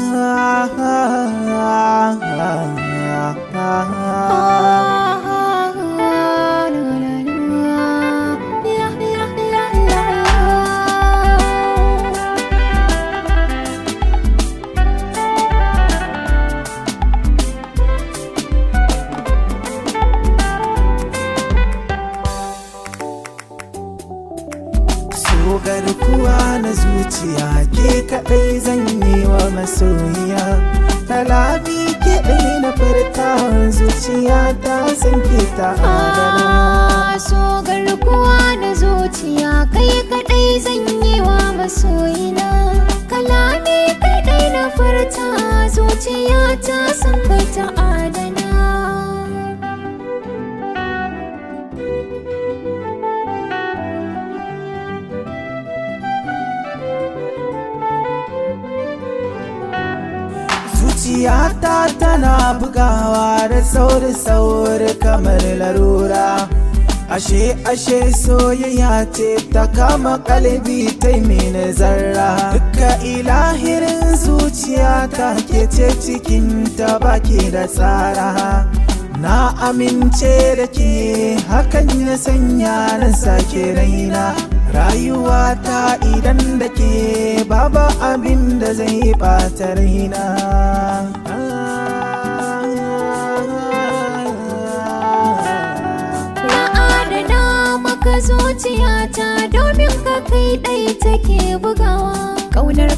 ah, ah, ah, ah. kuwa na zuciya ke kaɗai zan yi wa masoyiya talabi ke ɗai na farta zuciya ta san ke ta adana ah, so garkuwa na zuciya kai kaɗai zan yi wa masoyina kalami kaɗai na farta zuciya ta san ta adana ta tana bugawa da sauri-sauri kamar larura ashe ashe soyayya ce ta kama kalbi ta mini zarra duka ilahirin zuciya ta ke ce cikin ta baki da tsara na amince da ke hakan ya sanya na sake raina rayuwata idan da ke babu abin da zai ɓata raina zuciyata domin ka kai ɗai take bugawa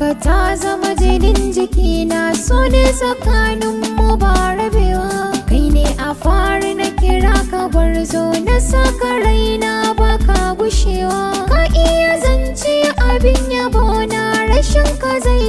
ka ta zama jinin jikina so ne mu ba rabe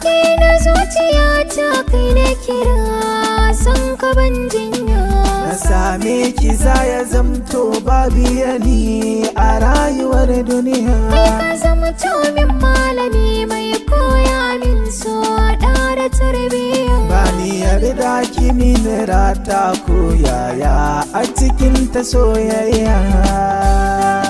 Ki na zuciya ta kai na kira san ka ban jinya na same ki za ya zamto babu yani a rayuwar duniya kai ka zama min malami mai koya min so da tarbiyya ba ni yarda ki min rata yaya a cikin ta soyayya